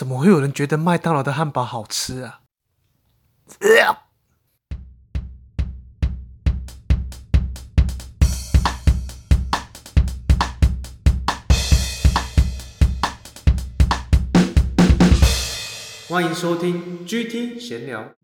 怎麼會有人覺得麥當勞的漢堡好吃啊？呃、歡迎收聽 GT 閒聊。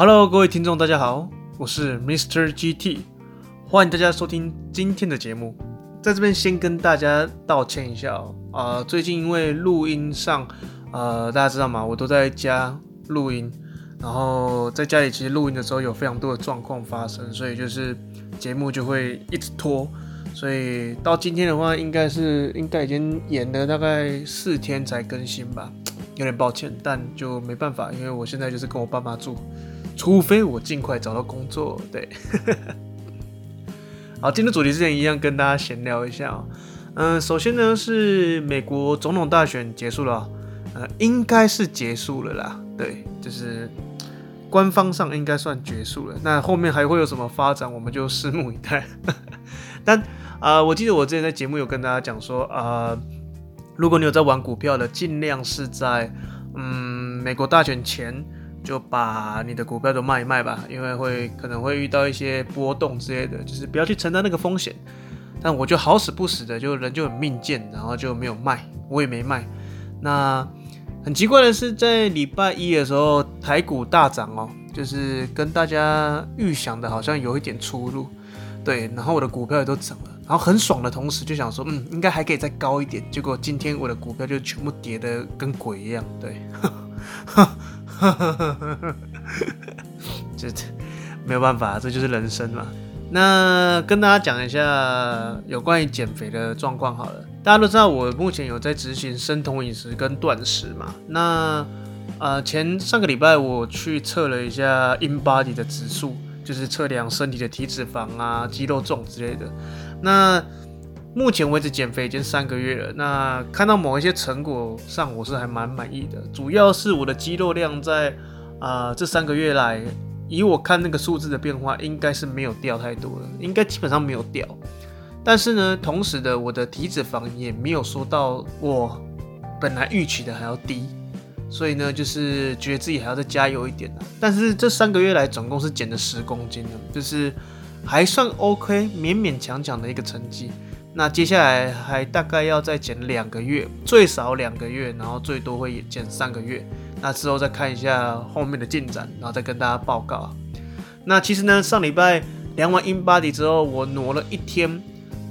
Hello，各位聽眾，大家好，我是 Mr. GT，歡迎大家收聽今天的節目。在這邊先跟大家道歉一下啊，哦，呃，最近因為錄音上，呃，大家知道嗎？我都在家錄音，然後在家裡其實錄音的時候有非常多的狀況發生，所以就是節目就會一直拖。所以到今天的話，應該是應該已經延了大概四天才更新吧，有點抱歉，但就沒辦法，因為我現在就是跟我爸媽住。除非我儘快找到工作，對。 好，今天的主題之前一樣，跟大家閒聊一下，喔、嗯，首先呢是美國總統大選結束了，呃、嗯，應該是結束了啦，對，就是官方上應該算結束了。那後面還會有什麼發展，我們就拭目以待。 但啊，呃，我記得我之前在節目有跟大家講說啊，呃，如果你有在玩股票的，儘量是在嗯美國大選前。就把你的股票都賣一賣吧，因為會可能會遇到一些波動之類的，就是不要去承擔那個風險。但我就好死不死的，就人就很命賤，然後就沒有賣，我也沒賣。那很奇怪的是，在禮拜一的時候，台股大漲哦，就是跟大家預想的好像有一點出入，對。然後我的股票也都漲了，然後很爽的同時就想說，嗯，應該還可以再高一點。結果今天我的股票就全部跌的跟鬼一樣，對。 哈哈哈哈哈，這 沒有辦法，這就是人生嘛。那跟大家講一下有關於減肥的狀況好了。大家都知道我目前有在執行生酮飲食跟斷食嘛。那呃前上個禮拜我去測了一下 Inbody 的指數，就是測量身體的體脂肪啊、肌肉重之類的。那目前為止減肥已經三個月了，那看到某一些成果上，我是還蠻滿意的。主要是我的肌肉量在啊、呃、這三個月來，以我看那個數字的變化，應該是沒有掉太多了，應該基本上沒有掉。但是呢，同時的我的體脂肪也沒有說到我本來預期的還要低，所以呢就是覺得自己還要再加油一點。但是這三個月來總共是減了十公斤了，就是還算 OK，勉勉強強的一個成績。那接下來還大概要再減兩個月，最少兩個月，然後最多會減三個月。那之後再看一下後面的進展，然後再跟大家報告。那其實呢，上禮拜量完 Inbody 之後，我挪了一天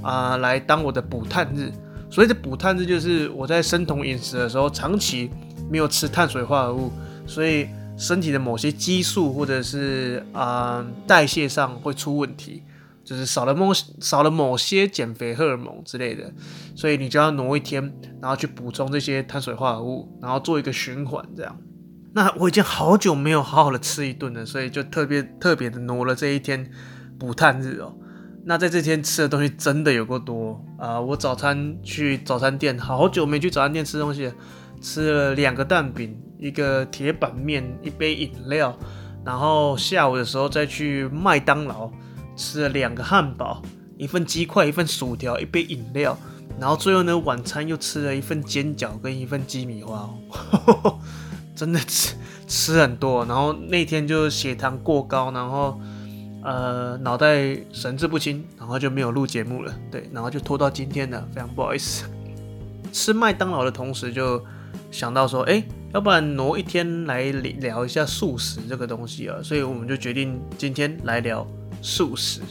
啊、呃、來當我的補碳日。所以這補碳日就是我在生酮飲食的時候，長期沒有吃碳水化合物，所以身體的某些激素或者是嗯、呃、代謝上會出問題。就是少了某少了某些減肥荷爾蒙之類的，所以你就要挪一天，然後去補充這些碳水化合物，然後做一個循環這樣。那我已經好久沒有好好的吃一頓了，所以就特別特別的挪了這一天補碳日哦。那在這天吃的東西真的有夠多啊，呃！我早餐去早餐店，好久沒去早餐店吃東西，吃了兩個蛋餅、一個鐵板麵、一杯飲料，然後下午的時候再去麥當勞。吃了兩個漢堡，一份雞塊，一份薯條，一杯飲料，然後最後呢，晚餐又吃了一份煎餃跟一份雞米花哦， 真的吃吃很多。然後那天就血糖過高，然後呃腦袋神志不清，然後就沒有錄節目了。對，然後就拖到今天了，非常不好意思。 吃麥當勞的同時就想到說，哎、欸，要不然挪一天來聊一下速食這個東西啊，所以我們就決定今天來聊。速食。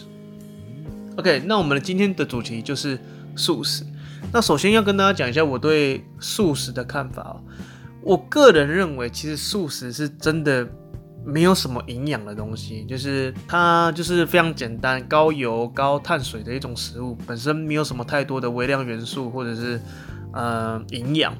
OK，那我們今天的主題就是速食。那首先要跟大家講一下我對速食的看法啊。我個人認為，其實速食是真的沒有什麼營養的東西，就是它就是非常簡單、高油、高碳水的一種食物，本身沒有什麼太多的微量元素或者是呃營養。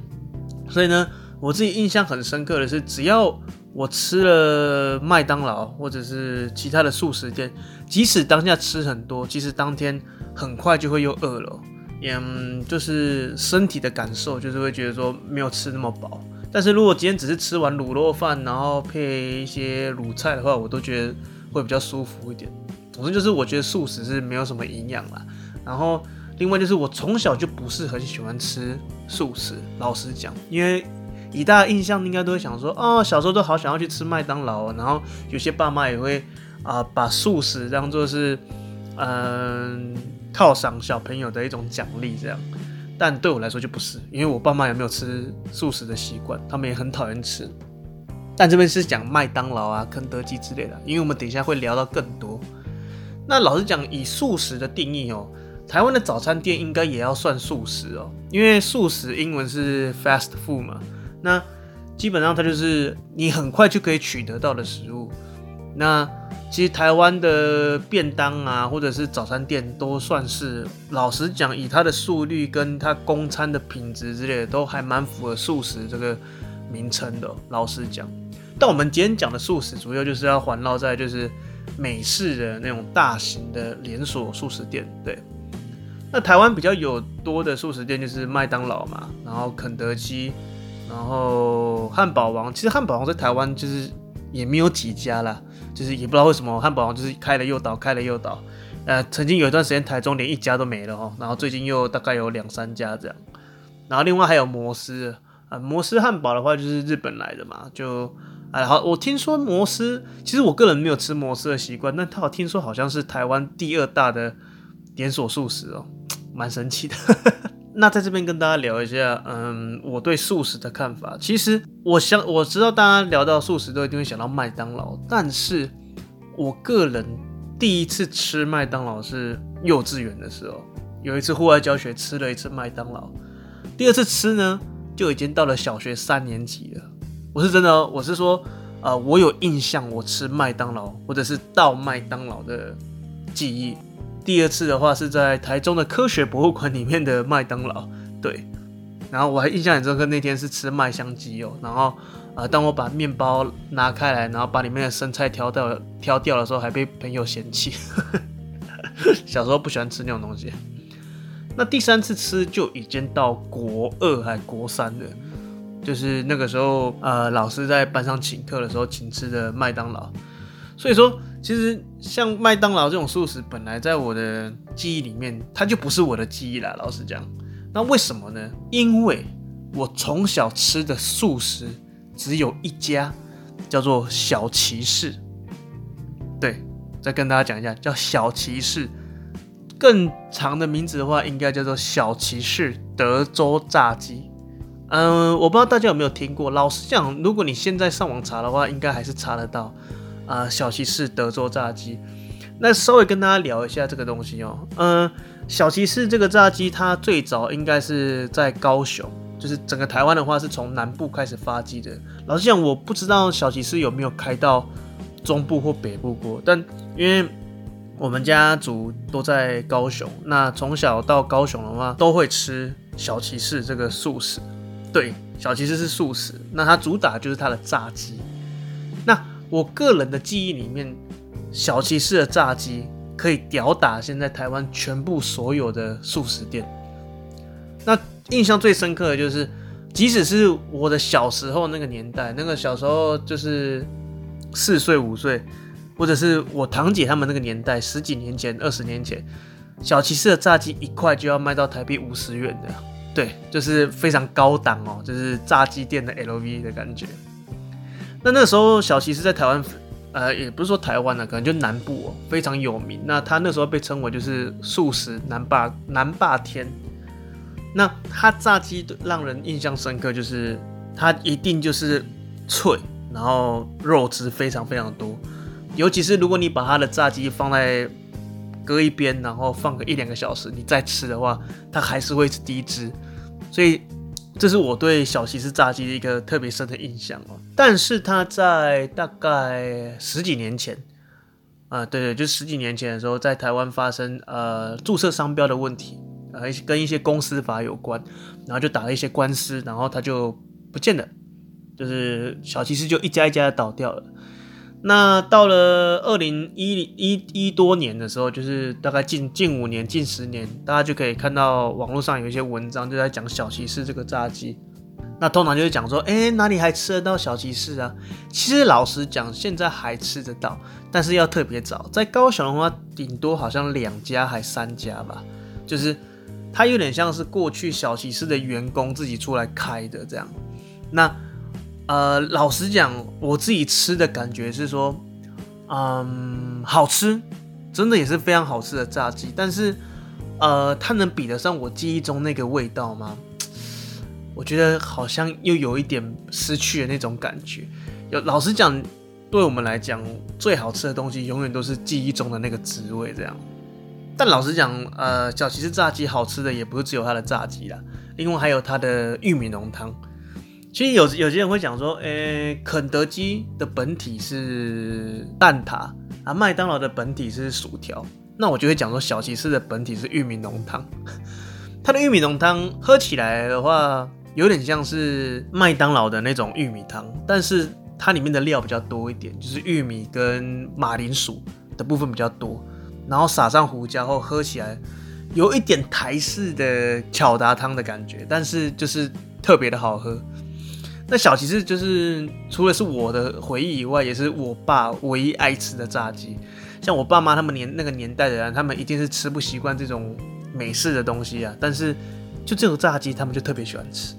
所以呢，我自己印象很深刻的是，只要我吃了麥當勞或者是其他的速食店，即使當下吃很多，即使當天很快就會又餓了，也、嗯、就是身體的感受，就是會覺得說沒有吃那麼飽。但是如果今天只是吃完滷肉飯，然後配一些滷菜的話，我都覺得會比較舒服一點。總之就是我覺得速食是沒有什麼營養啦。然後另外就是我從小就不是很喜歡吃速食，老實講，因為。以大家印象應該都會想說，啊、哦，小時候都好想要去吃麥當勞、哦，然後有些爸媽也會啊、呃，把速食當做是，呃，犒賞小朋友的一種獎勵這樣。但對我來說就不是，因為我爸媽也沒有吃速食的習慣，他們也很討厭吃。但這邊是講麥當勞啊、肯德基之類的，因為我們等一下會聊到更多。那老實講，以速食的定義哦，台灣的早餐店應該也要算速食哦，因為速食英文是 fast food 嘛。那基本上它就是你很快就可以取得到的食物。那其實台灣的便當啊，或者是早餐店，都算是老實講，以它的速率跟它供餐的品質之類的，都還蠻符合速食這個名稱的、哦。老實講，但我們今天講的速食，主要就是要環繞在就是美式的那種大型的連鎖速食店。對，那台灣比較有多的速食店就是麥當勞嘛，然後肯德基。然後漢堡王，其實漢堡王在台灣就是也沒有幾家啦，就是也不知道為什麼漢堡王就是開了又倒，開了又倒。呃，曾經有一段時間台中連一家都沒了哦，然後最近又大概有兩三家這樣。然後另外還有摩斯啊，呃，摩斯漢堡的話就是日本來的嘛，就哎好，我聽說摩斯，其實我個人沒有吃摩斯的習慣，但他好聽說好像是台灣第二大的連鎖速食哦，蠻神奇的。那在這邊跟大家聊一下，嗯，我對速食的看法。其實，我想我知道大家聊到速食都一定會想到麥當勞，但是我個人第一次吃麥當勞是幼稚園的時候，有一次戶外教學吃了一次麥當勞。第二次吃呢，就已經到了小學三年級了。我是真的、哦，我是說，呃，我有印象，我吃麥當勞或者是到麥當勞的記憶。第二次的話是在台中的科學博物館裡面的麥當勞，對，然後我還印象很深刻，那天是吃麥香雞哦，然後啊、呃，當我把麵包拿開來，然後把裡面的生菜挑掉挑掉的時候，還被朋友嫌棄， 小時候不喜歡吃那種東西。那第三次吃就已經到國二還國三了，就是那個時候，呃，老師在班上請客的時候，請吃的麥當勞，所以說。其實像麥當勞這種速食，本來在我的記憶裡面，它就不是我的記憶啦。老實講，那為什麼呢？因為我從小吃的速食，只有一家，叫做小騎士。對，再跟大家講一下，叫小騎士。更長的名字的話，應該叫做小騎士德州炸雞。嗯、呃，我不知道大家有沒有聽過。老實講，如果你現在上網查的話，應該還是查得到。啊、呃，小騎士德州炸雞，那稍微跟大家聊一下這個東西哦。嗯，小騎士這個炸雞，它最早應該是在高雄，就是整個台灣的話，是從南部開始發跡的。老實講，我不知道小騎士有沒有開到中部或北部過，但因為我們家族都在高雄，那從小到高雄的話，都會吃小騎士這個速食。對，小騎士是速食，那它主打就是它的炸雞。那我個人的記憶裡面，小騎士的炸雞可以屌打現在台灣全部所有的速食店。那印象最深刻的就是，即使是我的小時候那個年代，那個小時候就是四歲五歲，或者是我堂姐他們那個年代十幾年前、二十年前，小騎士的炸雞一塊就要賣到台幣五十元的，對，就是非常高檔哦、喔，就是炸雞店的 LV 的感覺。那那時候小騎士在台灣，呃，也不是說台灣了，可能就南部哦、喔，非常有名。那他那時候被稱為就是速食南霸南霸天。那他炸雞讓人印象深刻，就是他一定就是脆，然後肉汁非常非常多。尤其是如果你把他的炸雞放在擱一邊，然後放個一兩個小時，你再吃的話，它還是會是滴汁。所以。這是我對小騎士炸雞的一個特別深的印象哦。但是他在大概十幾年前，啊、呃，對對，就十幾年前的時候，在台灣發生呃註冊商標的問題，呃跟一些公司法有關，然後就打了一些官司，然後他就不見了，就是小騎士就一家一家的倒掉了。那到了二零一一一多年的時候，就是大概近近五年、近十年，大家就可以看到網絡上有一些文章就在講小騎士這個炸雞。那通常就是講說，哎、欸，哪裡還吃得到小騎士啊？其實老實講，現在還吃得到，但是要特別找。在高雄的話，頂多好像兩家還三家吧。就是它有點像是過去小騎士的員工自己出來開的這樣。那呃，老實講，我自己吃的感覺是說，嗯、呃，好吃，真的也是非常好吃的炸雞。但是，呃，它能比得上我記憶中那個味道嗎？我覺得好像又有一點失去了那種感覺。有，老實講，對我們來講，最好吃的東西永遠都是記憶中的那個滋味這樣。但老實講，呃，小騎士炸雞好吃的也不是只有它的炸雞啦，因為還有它的玉米濃湯。其實有有些人會講說，誒、欸，肯德基的本體是蛋撻啊，麥當勞的本體是薯條。那我就會講說，小騎士的本體是玉米濃湯。 它的玉米濃湯喝起來的話，有點像是麥當勞的那種玉米湯，但是它裡面的料比較多一點，就是玉米跟馬鈴薯的部分比較多，然後撒上胡椒後喝起來，有一點台式的巧達湯的感覺，但是就是特別的好喝。那小騎士就是除了是我的回憶以外，也是我爸唯一愛吃的炸雞。像我爸媽他們年那個年代的人，他們一定是吃不習慣這種美式的東西啊。但是就這種炸雞，他們就特別喜歡吃。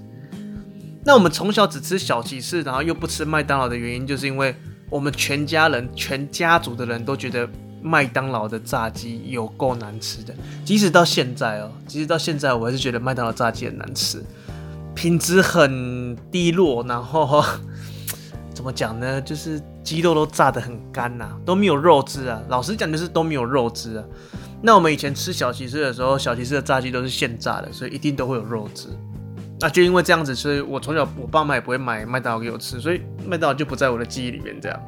那我們從小只吃小騎士，然後又不吃麥當勞的原因，就是因為我們全家人全家族的人都覺得麥當勞的炸雞有夠難吃的。即使到現在哦、喔，即使到現在，我還是覺得麥當勞炸雞很難吃。品質很低落，然後怎麼講呢？就是雞肉都炸得很乾吶、啊，都沒有肉汁啊。老實講，就是都沒有肉汁啊。那我們以前吃小騎士的時候，小騎士的炸雞都是現炸的，所以一定都會有肉汁。那就因為這樣子，所以我從小我爸媽也不會買麥當勞給我吃，所以麥當勞就不在我的記憶裡面這樣。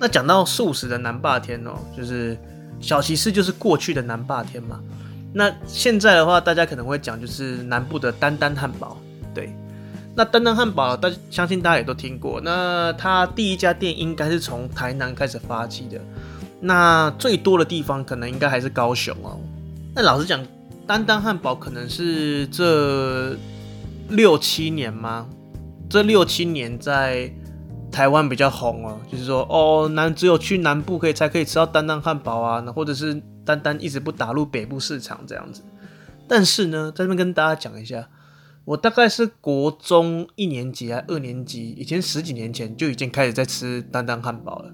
那講到速食的南霸天哦、喔，就是小騎士就是過去的南霸天嘛。那現在的話，大家可能會講就是南部的丹丹漢堡。那丹丹漢堡，大家相信大家也都聽過。那他第一家店應該是從台南開始發起的。那最多的地方可能應該還是高雄哦。那老實講，丹丹漢堡可能是這六七年嗎？這六七年在台灣比較紅哦，就是說哦，那只有去南部可以才可以吃到丹丹漢堡啊，那或者是丹丹一直不打入北部市場這樣子。但是呢，在這邊跟大家講一下。我大概是國中一年級還、啊、二年級，以前十幾年前就已經開始在吃丹丹漢堡了，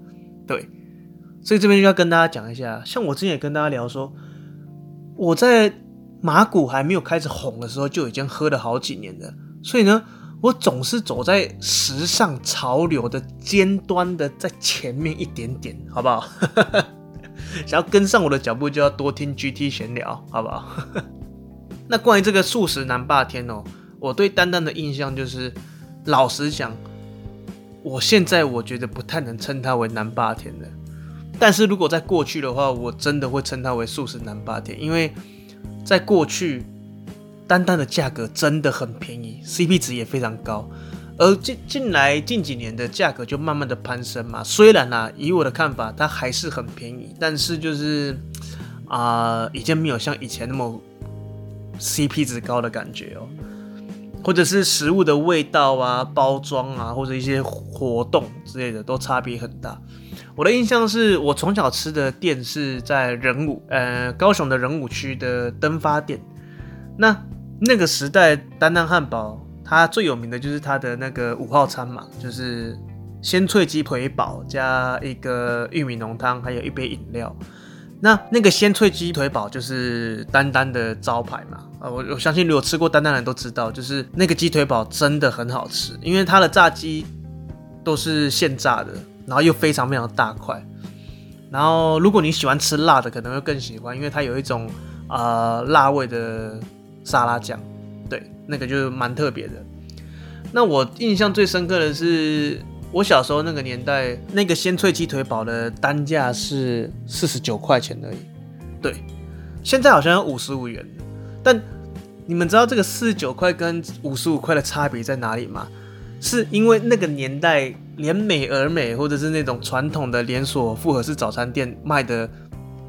對，所以這邊就要跟大家講一下，像我之前也跟大家聊說，我在麻古還沒有開始紅的時候就已經喝了好幾年了。所以呢，我總是走在時尚潮流的尖端的，在前面一點點，好不好？ 想要跟上我的腳步，就要多聽 GT 閒聊，好不好？ 那關於這個速食南霸天哦，我對丹丹的印象就是，老實講，我現在我覺得不太能稱它為南霸天了。但是如果在過去的話，我真的會稱它為速食南霸天，因為在過去，丹丹的價格真的很便宜，CP 值也非常高，而近近來近幾年的價格就慢慢的攀升嘛。雖然呢、啊，以我的看法，它還是很便宜，但是就是啊、呃，已經沒有像以前那麼。CP 值高的感覺哦、喔，或者是食物的味道啊、包裝啊，或者一些活動之類的都差別很大。我的印象是我從小吃的店是在仁武，呃，高雄的仁武區的登發店。那那個時代，丹丹漢堡它最有名的就是它的那個五號餐嘛，就是鮮脆雞腿堡加一個玉米濃湯，還有一杯飲料。那那個鮮脆雞腿堡就是丹丹的招牌嘛。啊，我我相信如果吃過丹丹的人都知道，就是那個雞腿堡真的很好吃，因為它的炸雞都是現炸的，然後又非常非常大塊。然後如果你喜歡吃辣的，可能會更喜歡，因為它有一種啊、呃、辣味的沙拉醬，對，那個就蠻特別的。那我印象最深刻的是，我小時候那個年代，那個鮮脆雞腿堡的單價是四十九塊錢而已，對，現在好像有五十五元。但你們知道這個四十九塊跟五十五塊的差別在哪裡嗎？是因為那個年代連美而美，或者是那種傳統的連鎖複合式早餐店賣的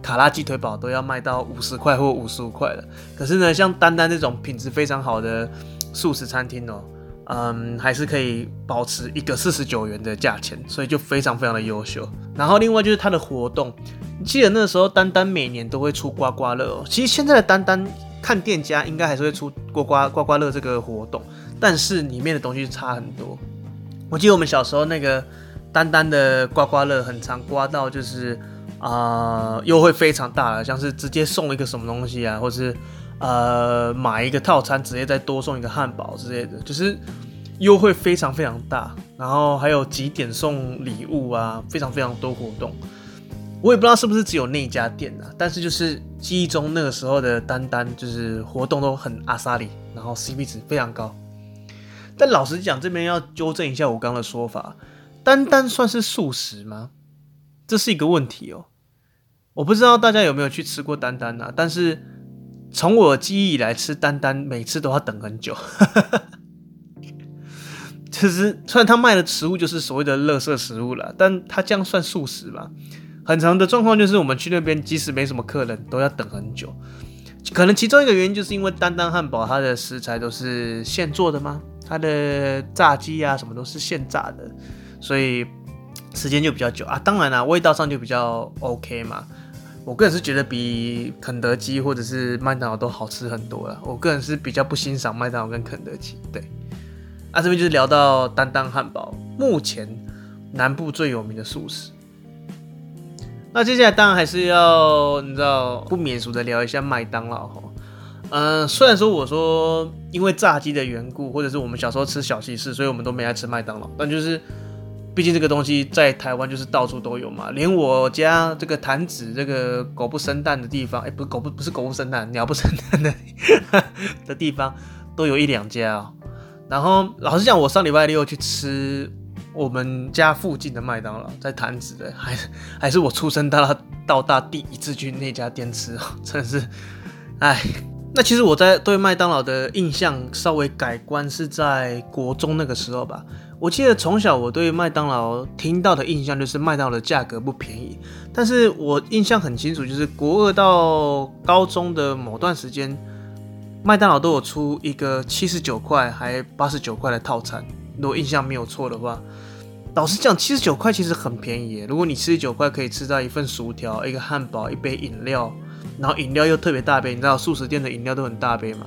卡拉雞腿堡都要賣到五十塊或五十五塊了。可是呢，像丹丹這種品質非常好的速食餐廳，哦、喔，嗯，還是可以保持一個四十九元的價錢，所以就非常非常的優秀。然後另外就是它的活動，記得那個時候丹丹每年都會出刮刮樂，哦、喔。其實現在的丹丹。看店家應該還是會出刮刮刮刮樂這個活動，但是裡面的東西差很多。我記得我們小時候那個單單的刮刮樂，很常刮到就是啊，優惠非常大了，像是直接送一個什麼東西啊，或是呃買一個套餐直接再多送一個漢堡之類的，就是優惠非常非常大。然後還有幾點送禮物啊，非常非常多活動。我也不知道是不是只有那家店啊，但是就是記憶中那個時候的丹丹，就是活動都很阿薩里，然後 CP 值非常高。但老實講，這邊要糾正一下我剛剛的說法，丹丹算是速食嗎？這是一個問題哦、喔。我不知道大家有沒有去吃過丹丹啊，但是從我的記憶以來吃丹丹，每次都要等很久。其 實、就是、雖然他賣的食物就是所謂的垃圾食物了，但他這樣算速食嗎？很長的狀況就是，我們去那邊即使沒什麼客人，都要等很久。可能其中一個原因就是因為丹丹漢堡，它的食材都是現做的嘛，它的炸雞啊什麼都是現炸的，所以時間就比較久啊。當然啦、啊，味道上就比較 OK 嘛。我個人是覺得比肯德基或者是麥當勞都好吃很多了。我個人是比較不欣賞麥當勞跟肯德基。對，啊，這邊就是聊到丹丹漢堡，目前南部最有名的速食。那、啊、接下來當然還是要，你知道，不免俗的聊一下麥當勞哈、哦。嗯，雖然說我說因為炸雞的緣故，或者是我們小時候吃小騎士，所以我們都沒愛吃麥當勞。但就是，畢竟這個東西在台灣就是到處都有嘛，連我家這個壇子這個狗不生蛋的地方，哎、欸，不是狗不不是狗不生蛋，鳥不生蛋的 的地方，都有一兩家、哦。然後老實講，我上禮拜六去吃。我們家附近的麥當勞，在潭子的，還是還是我出生到大到大第一次去那家店吃哦，真的是，哎，那其實我在對麥當勞的印象稍微改觀是在國中那個時候吧。我記得從小我對麥當勞聽到的印象就是麥當勞的價格不便宜，但是我印象很清楚，就是國二到高中的某段時間，麥當勞都有出一個七十九塊還八十九塊的套餐。如果印象沒有錯的話，老實講，七十九塊其實很便宜。如果你七十九塊可以吃到一份薯條、一個漢堡、一杯飲料，然後飲料又特別大杯，你知道速食店的飲料都很大杯嘛？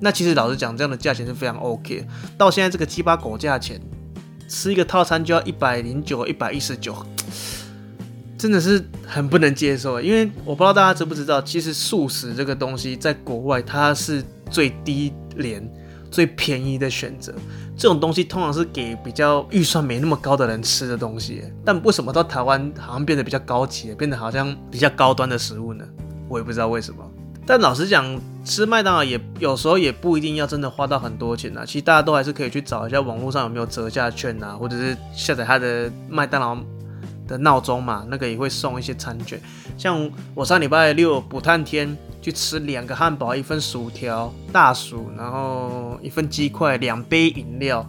那其實老實講，這樣的價錢是非常 OK。到現在這個雞巴狗價錢，吃一個套餐就要一百零九、一百一十九，真的是很不能接受。因為我不知道大家知不知道，其實速食這個東西在國外它是最低廉、最便宜的選擇。這種東西通常是給比較預算沒那麼高的人吃的東西，但為什麼到台灣好像變得比較高級，變得好像比較高端的食物呢？我也不知道為什麼。但老實講，吃麥當勞也有時候也不一定要真的花到很多錢啊。其實大家都還是可以去找一下網絡上有沒有折價券啊，或者是下載他的麥當勞。的鬧鐘嘛，那個也會送一些餐券。像我上禮拜六補碳天去吃兩個漢堡，一份薯條大薯，然後一份雞塊，兩杯飲料，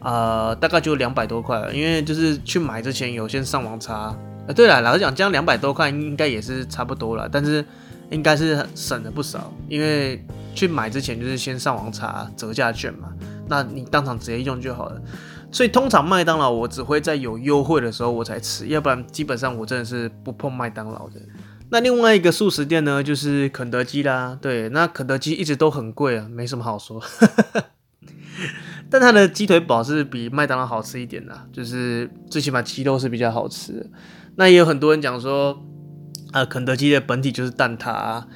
呃，大概就兩百多塊。因為就是去買之前有先上網查，呃，對了，老實講，這樣兩百多塊應該也是差不多了，但是應該是省了不少，因為去買之前就是先上網查折價券嘛，那你當場直接用就好了。所以通常麥當勞我只會在有優惠的時候我才吃，要不然基本上我真的是不碰麥當勞的。那另外一個速食店呢，就是肯德基啦。對，那肯德基一直都很貴啊，沒什麼好說。 但它的雞腿堡是比麥當勞好吃一點的，就是最起碼雞肉是比較好吃的。那也有很多人講說，啊、呃，肯德基的本體就是蛋撻、啊。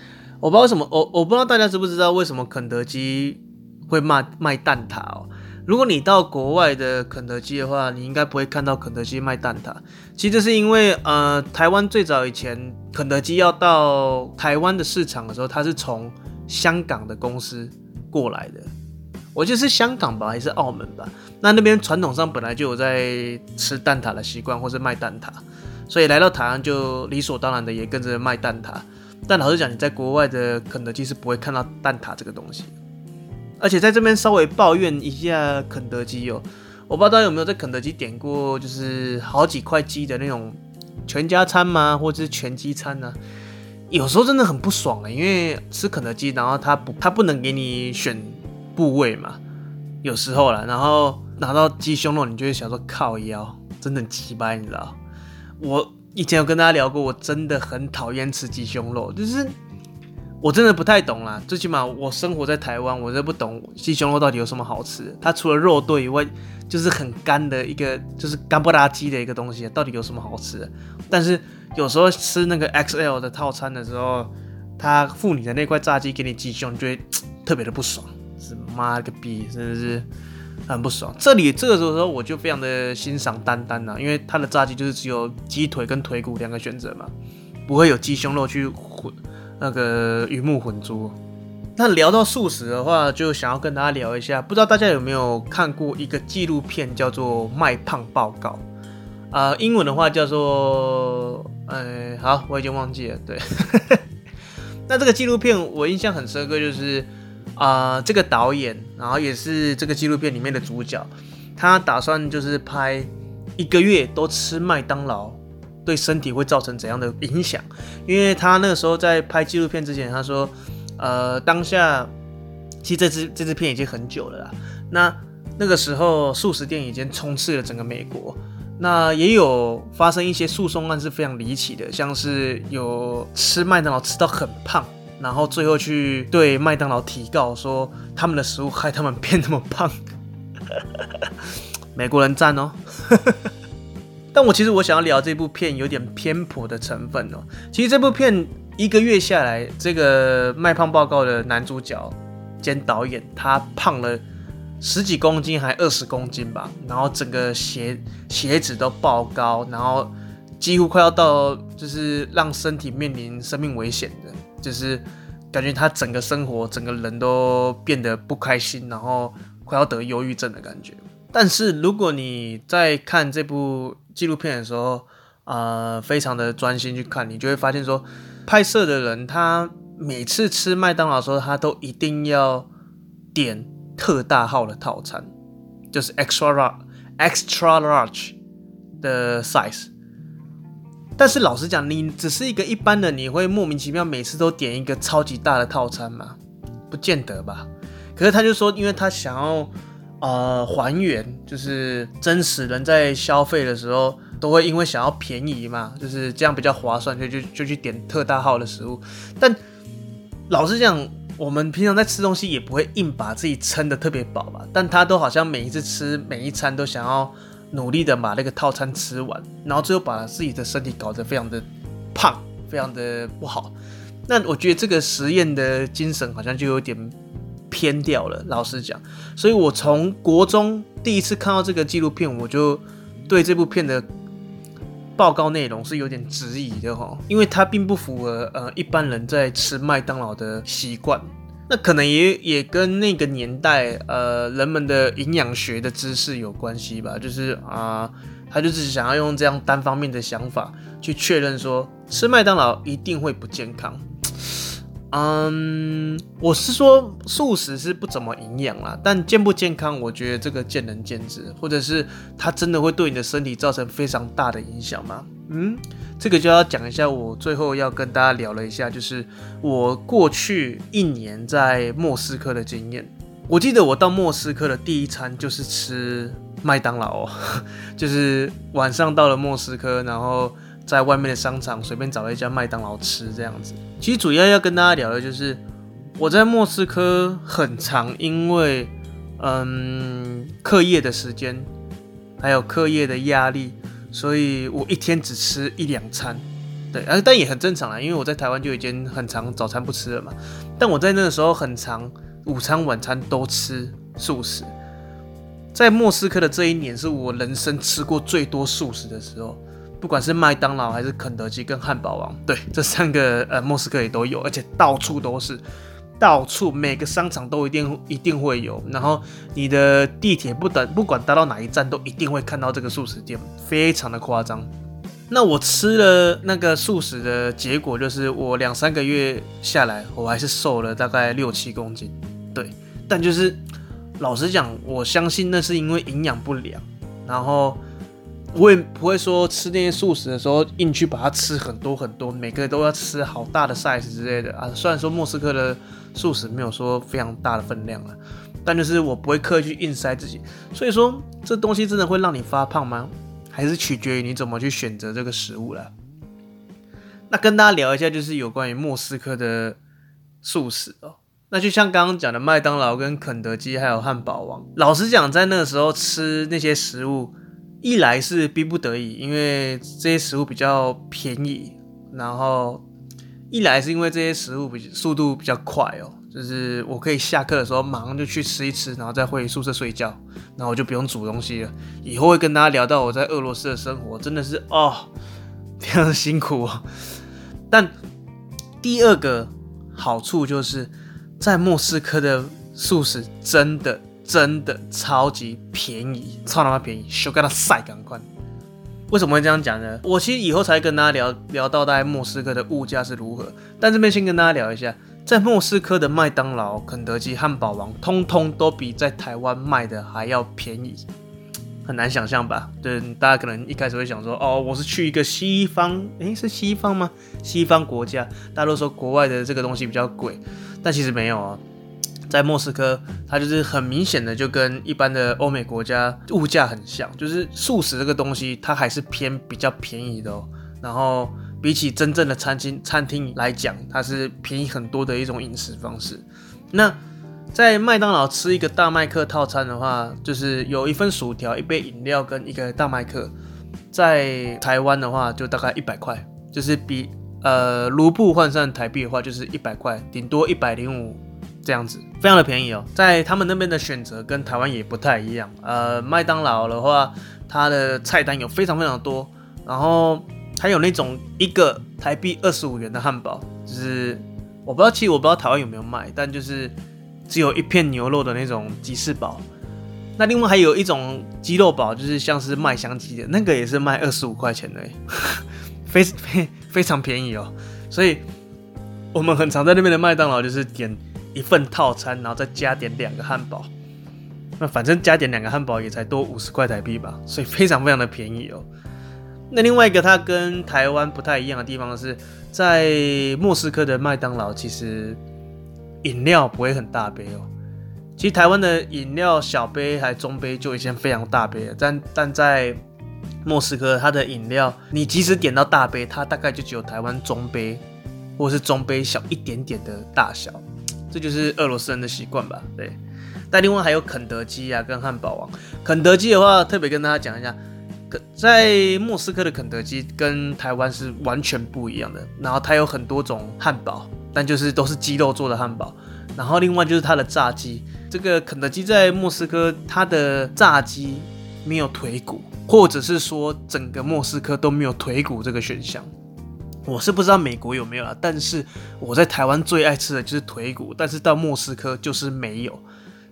我不知道為什麼，我我不知道大家知不知道為什麼肯德基會賣賣蛋撻哦、喔。如果你到國外的肯德基的話，你應該不會看到肯德基賣蛋撻。其實是因為，呃，台灣最早以前肯德基要到台灣的市場的時候，它是從香港的公司過來的，我覺得是香港吧，還是澳門吧？那那邊傳統上本來就有在吃蛋撻的習慣，或是賣蛋撻，所以來到台灣就理所當然的也跟着賣蛋撻。但老實講，你在國外的肯德基是不會看到蛋撻這個東西。而且在這邊稍微抱怨一下肯德基哦，我不知道大家有沒有在肯德基點過，就是好幾塊雞的那種全家餐嗎，或者是全雞餐呢、啊？有時候真的很不爽哎、欸，因為吃肯德基，然後他不他不能給你選部位嘛，有時候啦，然後拿到雞胸肉，你就會想說靠腰，腰真的雞掰，你知道？我以前有跟大家聊過，我真的很討厭吃雞胸肉，就是。我真的不太懂啦，最起碼我生活在台灣，我都不懂雞胸肉到底有什麼好吃？它除了肉多以外，就是很乾的一個，就是乾不拉嘰的一個東西、啊，到底有什麼好吃的？但是有時候吃那個 XL 的套餐的時候，他附你的那塊炸雞給你雞胸，就會特別的不爽，B, 是媽個逼，真的是很不爽。這裡這個時候我就非常的欣賞丹丹了，因為它的炸雞就是只有雞腿跟腿骨兩個選擇嘛，不會有雞胸肉去混。那個魚目混珠。那聊到速食的話，就想要跟大家聊一下，不知道大家有沒有看過一個紀錄片，叫做《麥胖報告》啊、呃，英文的話叫做……呃、欸，好，我已經忘記了。對， 那這個紀錄片我印象很深刻，就是啊、呃，這個導演，然後也是這個紀錄片裡面的主角，他打算就是拍一個月都吃麥當勞。對身體會造成怎樣的影響？因為他那個時候在拍紀錄片之前，他說，呃，當下其實這支這支片已經很久了啦。那那個時候，速食店已經充斥了整個美國。那也有發生一些訴訟案是非常離奇的，像是有吃麥當勞吃到很胖，然後最後去對麥當勞提告說，說他們的食物害他們變那麼胖。 美國人讚哦。 但我其實我想要聊這部片有點偏頗的成分哦。其實這部片一個月下來，這個麥胖報告的男主角兼導演，他胖了十幾公斤，還二十公斤吧。然後整個鞋、鞋子都爆高，然後幾乎快要到就是讓身體面臨生命危險的，就是感覺他整個生活整個人都變得不開心，然後快要得憂鬱症的感覺。但是如果你在看這部。紀錄片的時候，啊、呃，非常的專心去看，你就會發現說，拍攝的人他每次吃麥當勞的時候，他都一定要點特大號的套餐，就是 extra large extra large 的 size。但是老實講，你只是一個一般的，你會莫名其妙每次都點一個超級大的套餐嘛？不見得吧。可是他就說，因為他想要。呃，還原就是真實人在消費的時候，都會因為想要便宜嘛，就是這樣比較划算，就就就去點特大號的食物。但老實講，我們平常在吃東西也不會硬把自己撐得特別飽吧？但他都好像每一次吃每一餐都想要努力的把那個套餐吃完，然後最後把自己的身體搞得非常的胖，非常的不好。那我覺得這個實驗的精神好像就有點。偏掉了，老實講，所以我從國中第一次看到這個紀錄片，我就對這部片的報告內容是有點質疑的吼、哦，因為它並不符合呃一般人在吃麥當勞的習慣，那可能也也跟那個年代呃人們的營養學的知識有關係吧，就是啊、呃，他就是想要用這樣單方面的想法去確認說吃麥當勞一定會不健康。嗯，um, 我是說速食是不怎麼營養啦，但健不健康，我覺得這個見仁見智，或者是它真的會對你的身體造成非常大的影響嗎？嗯，這個就要講一下，我最後要跟大家聊了一下，就是我過去一年在莫斯科的經驗。我記得我到莫斯科的第一餐就是吃麥當勞， 就是晚上到了莫斯科，然後。在外面的商場隨便找了一家麥當勞吃，這樣子。其實主要要跟大家聊的就是，我在莫斯科很常，因為嗯，課業的時間還有課業的壓力，所以我一天只吃一兩餐。對，而但也很正常啦，因為我在台灣就已經很常早餐不吃了嘛。但我在那個時候很常，午餐晚餐都吃速食。在莫斯科的這一年，是我人生吃過最多速食的時候。不管是麥當勞還是肯德基跟漢堡王，對，這三個呃莫斯科也都有，而且到處都是，到處每個商場都一定一定會有，然後你的地鐵不等，不管搭到哪一站都一定會看到這個速食店，非常的誇張。那我吃了那個速食的結果就是，我兩三個月下來我還是瘦了大概六七公斤，對，但就是老實講，我相信那是因為營養不良，然後。我也不會說吃那些速食的時候，硬去把它吃很多很多，每個都要吃好大的 size 之類的啊。雖然說莫斯科的速食沒有說非常大的分量啊，但就是我不會刻意去硬塞自己。所以說，這東西真的會讓你發胖嗎？還是取決於你怎麼去選擇這個食物啦。那跟大家聊一下，就是有關於莫斯科的速食哦、喔。那就像剛剛講的麥當勞、跟肯德基還有漢堡王，老實講，在那個時候吃那些食物，一來是逼不得已，因為這些食物比較便宜，然後一來是因為這些食物比速度比較快哦，就是我可以下課的時候馬上就去吃一吃，然後再回宿舍睡覺，然後我就不用煮東西了。以後會跟大家聊到我在俄羅斯的生活，真的是哦，非常辛苦哦。但第二個好處就是在莫斯科的速食真的。真的超級便宜，超他媽便宜，俗嘎哪賽。為什麼會這樣講呢？我其實以後才跟大家聊聊到大家莫斯科的物價是如何，但這邊先跟大家聊一下，在莫斯科的麥當勞、肯德基、漢堡王，通通都比在台灣賣的還要便宜，很難想象吧？對，大家可能一開始會想說，哦，我是去一個西方，誒、欸、是西方嗎？西方國家，大家都說國外的這個東西比較貴，但其實沒有啊。在莫斯科，它就是很明顯的就跟一般的歐美國家物價很像，就是速食這個東西它還是偏比較便宜的哦、喔。然後比起真正的餐廳餐廳來講，它是便宜很多的一種飲食方式。那在麥當勞吃一個大麥克套餐的話，就是有一份薯條、一杯飲料跟一個大麥克，在台灣的話就大概一百塊，就是比呃盧布換算台幣的話就是一百塊，頂多一百零五。這樣子非常的便宜哦，在他們那邊的選擇跟台灣也不太一樣。呃，麥當勞的話，它的菜單有非常非常多，然後還有那種一個台幣二十五元的漢堡，就是我不知道，其實我不知道台灣有沒有賣，但就是只有一片牛肉的那種吉士堡。那另外還有一種雞肉堡，就是像是麥香雞的那個也是賣二十五塊錢的，非 非常便宜哦。所以我們很常在那邊的麥當勞就是點。一份套餐，然後再加點兩個漢堡，那反正加點兩個漢堡也才多五十塊台幣吧，所以非常非常的便宜哦。那另外一個它跟台灣不太一樣的地方是，在莫斯科的麥當勞，其實飲料不會很大杯哦。其實台灣的飲料小杯還中杯就已經非常大杯了，但但在莫斯科它的飲料，你即使點到大杯，它大概就只有台灣中杯或是中杯小一點點的大小。這就是俄羅斯人的習慣吧，對。但另外還有肯德基啊，跟漢堡王。肯德基的話，特別跟大家講一下，肯在莫斯科的肯德基跟台灣是完全不一樣的。然後它有很多種漢堡，但就是都是雞肉做的漢堡。然後另外就是它的炸雞，這個肯德基在莫斯科，它的炸雞沒有腿骨，或者是說整個莫斯科都沒有腿骨這個選項。我是不知道美國有沒有啊，但是我在台灣最愛吃的就是腿骨，但是到莫斯科就是沒有，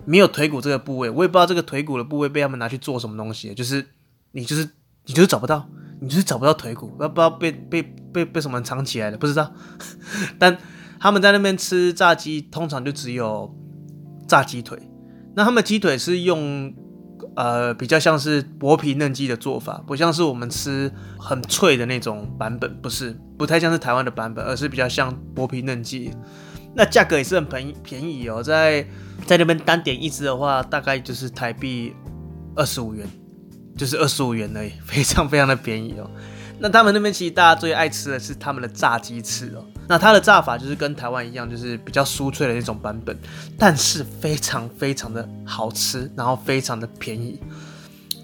沒有腿骨這個部位，我也不知道這個腿骨的部位被他們拿去做什麼東西，就是你就是你就是找不到，你就是找不到腿骨，不知道被被被被什麼藏起來了，不知道。 但他們在那邊吃炸雞，通常就只有炸雞腿，那他們雞腿是用呃比較像是薄皮嫩雞的做法，不像是我們吃很脆的那種版本，不是。不太像是台灣的版本，而是比較像薄皮嫩雞。那價格也是很便宜便宜哦，在在那邊單點一隻的話，大概就是台幣二十五元，就是二十五元而已，非常非常的便宜哦。那他們那邊其實大家最愛吃的是他們的炸雞翅哦。那它的炸法就是跟台灣一樣，就是比較酥脆的那種版本，但是非常非常的好吃，然後非常的便宜。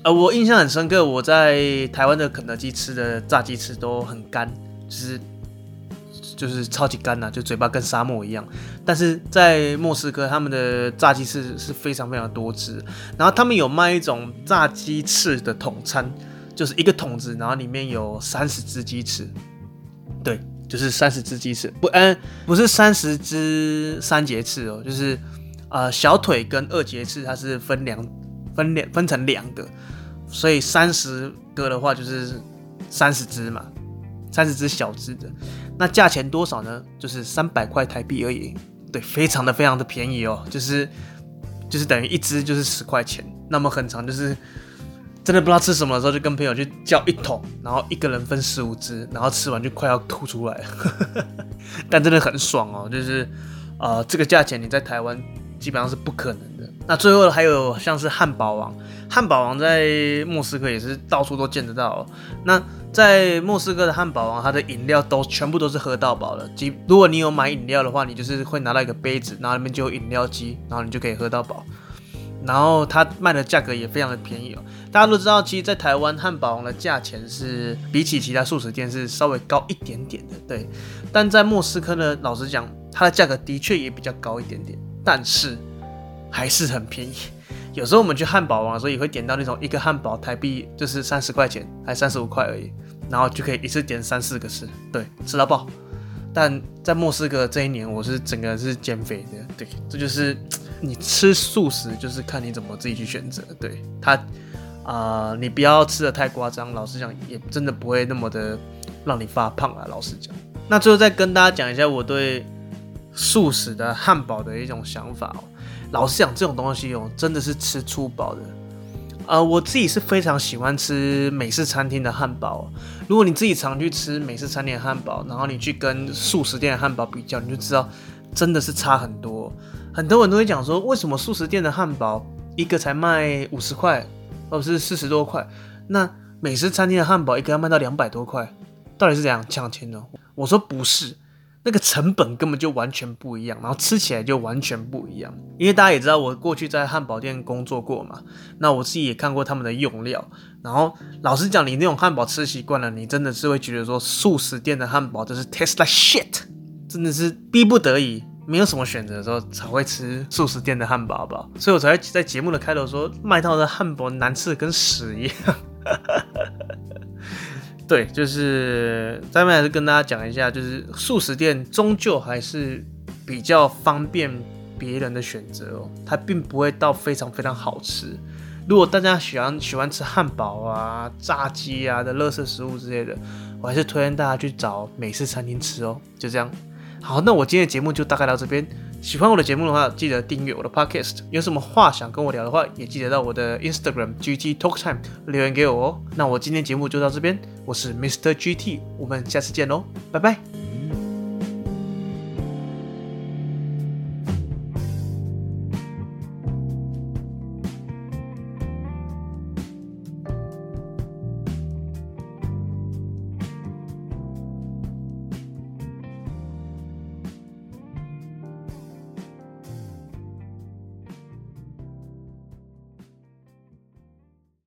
呃，我印象很深刻，我在台灣的肯德基吃的炸雞翅都很乾。就是就是超級乾吶，就嘴巴跟沙漠一樣。但是在莫斯科，他們的炸雞翅是，是非常非常多汁，然後他們有賣一種炸雞翅的桶餐，就是一個桶子，然後裡面有三十隻雞翅。對，就是三十隻雞翅。不，嗯，不是三十隻三節翅哦，就是呃小腿跟二節翅它是分兩分兩分成兩個，所以三十個的話就是三十隻嘛。三十隻小隻的，那價錢多少呢？就是三百塊台幣而已，對，非常的非常的便宜哦，就是就是等於一隻就是十塊錢。那麼很常就是真的不知道吃什麼的時候，就跟朋友去叫一桶，然後一個人分十五隻，然後吃完就快要吐出來了， 但真的很爽哦，就是啊、呃、這個價錢你在台灣基本上是不可能的。那最後還有像是漢堡王，漢堡王在莫斯科也是到處都見得到哦。那。在莫斯科的漢堡王，它的飲料都全部都是喝到飽的。即如果你有買飲料的話，你就是會拿到一個杯子，然後裡面就有飲料機，然後你就可以喝到飽。然後它賣的價格也非常的便宜哦。大家都知道，其實，在台灣漢堡王的價錢是比起其他速食店是稍微高一點點的，對。但在莫斯科呢，老實講，它的價格的確也比較高一點點，但是還是很便宜。有時候我們去漢堡王的時候也會點到那種一個漢堡台幣就是三十塊錢，還三十五塊而已。然後就可以一次點三四個吃，對，吃到飽。但在莫斯科這一年，我是整個是減肥的，對，這就是你吃速食，就是看你怎麼自己去選擇。對他，啊、呃，你不要吃得太誇張。老實講，也真的不會那麼的讓你發胖啊。老實講，那最後再跟大家講一下我對速食的漢堡的一種想法哦。老實講，這種東西哦，真的是吃粗飽的。啊、呃，我自己是非常喜歡吃美式餐廳的漢堡哦。如果你自己常去吃美式餐廳的漢堡，然後你去跟速食店的漢堡比較，你就知道真的是差很多。很多人都會講說，為什麼速食店的漢堡一個才賣五十塊，或者是四十多塊，那美式餐廳的漢堡一個要賣到兩百多塊，到底是怎樣搶錢的？我說不是。那個成本根本就完全不一樣，然後吃起來就完全不一樣。因為大家也知道，我過去在漢堡店工作過嘛，那我自己也看過他們的用料。然後老實講，你那種漢堡吃習慣了，你真的是會覺得說，速食店的漢堡就是 taste like shit，真的是逼不得已，沒有什麼選擇的時候才會吃速食店的漢堡吧。所以我才在節目的開頭說，麥當勞的漢堡難吃跟屎一樣。 對，就是下面還是跟大家講一下，就是速食店終究還是比較方便別人的選擇哦，它並不會到非常非常好吃。如果大家喜歡喜歡吃漢堡啊、炸雞啊的垃圾食物之類的，我還是推薦大家去找美式餐廳吃哦。就這樣，好，那我今天的節目就大概到這邊。喜歡我的節目的話，記得訂閱我的 Podcast。有什麼話想跟我聊的話，也記得到我的 Instagram GT Talk Time 留言給我哦。那我今天節目就到這邊，我是 Mr. GT，我們下次見嘍，哦，拜拜。